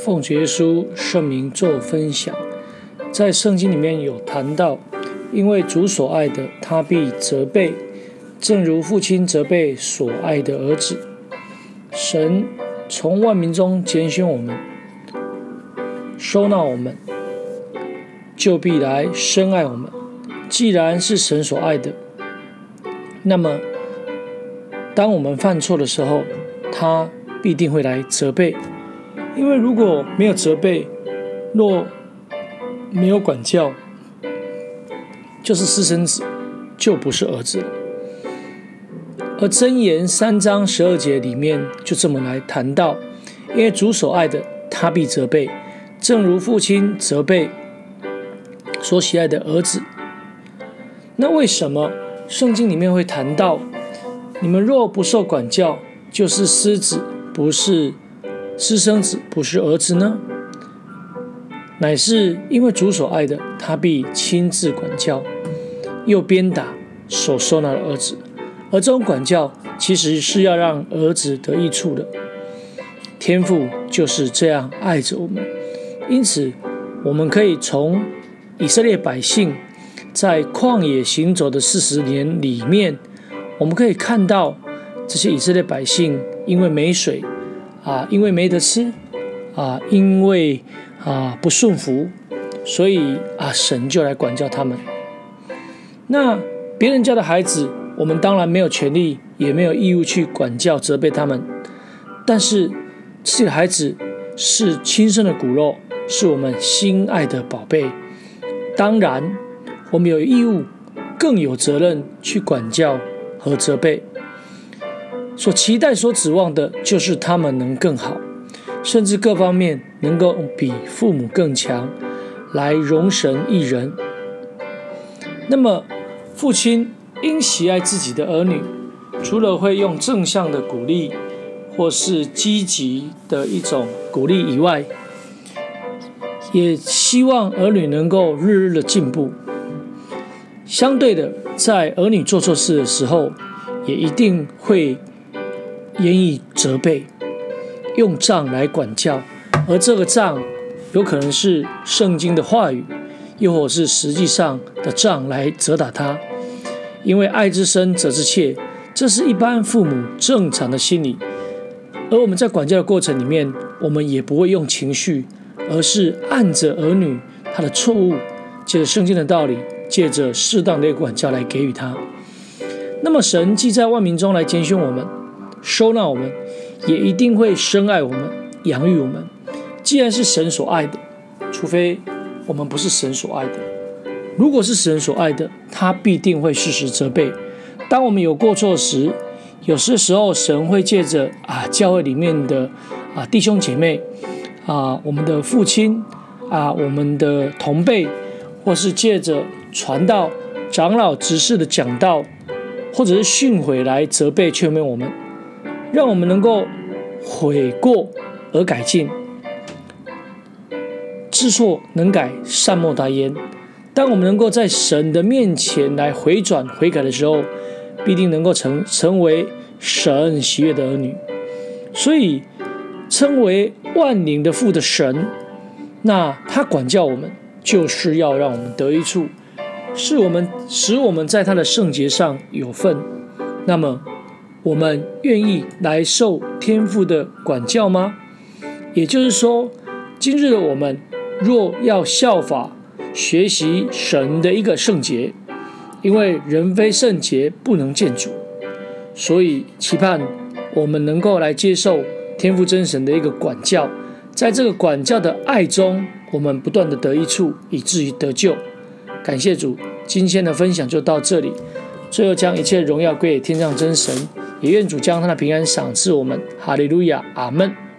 奉耶穌聖名做分享，在聖經裡面有談到，因為主所愛的，他必責備，正如父親責備所愛的兒子。神從萬民中揀選我們，收納我們，就必來深愛我們。既然是神所愛的，那麼當我們犯錯的時候，他必定會來責備。因為如果沒有責備，若沒有管教，就是私生子，就不是兒子了。而箴言三章十二節裡面就這麼來談到，因為主所愛的，他必責備，正如父親責備所喜愛的兒子。那為什麼聖經裡面會談到，你們若不受管教，就是私子，不是私生子，不是兒子呢，乃是因為主所愛的，他必親自管教，又鞭打所收納的兒子。而這種管教其實是要讓兒子得益處的。天父就是這樣愛着我們，因此我們可以從以色列百姓在曠野行走的四十年裡面，我們可以看到這些以色列百姓因為沒水。啊，因為沒得吃，啊，因為啊不順服，所以啊神就來管教他們。那別人家的孩子，我們當然沒有權利，也沒有義務去管教、責備他們。但是自己的孩子是親生的骨肉，是我們心愛的寶貝，當然我們有義務，更有責任去管教和責備。所期待、所指望的，就是他們能更好，甚至各方面能夠比父母更強，來榮神益人。那麼，父親因喜愛自己的兒女，除了會用正向的鼓勵，或是積極的一種鼓勵以外，也希望兒女能夠日日的進步。相對的，在兒女做錯事的時候，也一定會言語責備，用杖來管教，而這個杖有可能是聖經的話語，又或是實際上的杖來責打他。因為愛之深，責之切，這是一般父母正常的心理。而我們在管教的過程裡面，我們也不會用情緒，而是按着兒女他的錯誤，借着聖經的道理，借着適當的一個管教來給予他。那麼，神既在萬民中來揀選我們。收納我們，也一定會深愛我們，養育我們。既然是神所愛的，除非我們不是神所愛的。如果是神所愛的，他必定會適時責備。當我們有過錯時，有些時,時候神會借着啊，教會裡面的啊弟兄姐妹啊，我們的父親啊，我們的同輩，或是借着傳道、長老、執事的講道，或者是訓誨來責備、勸勉我們。讓我們能夠悔過而改進，知錯能改，善莫大焉。當我們能夠在神的面前來回轉悔改的時候，必定能夠成成為神喜悅的兒女。所以，稱為萬靈的父的神，那他管教我們，就是要讓我們得益處，是我們使我們在他的聖潔上有份。那麼。我們願意來受天父的管教嗎？也就是說，今日的我們若要效法學習神的一個聖潔，因為人非聖潔不能見主，所以期盼我們能夠來接受天父真神的一個管教，在這個管教的愛中，我們不斷的得益處，以至於得救。感謝主，今天的分享就到這裡，最後將一切榮耀歸給天上真神。也願主將他的平安賞賜我們，哈利路亞，阿門。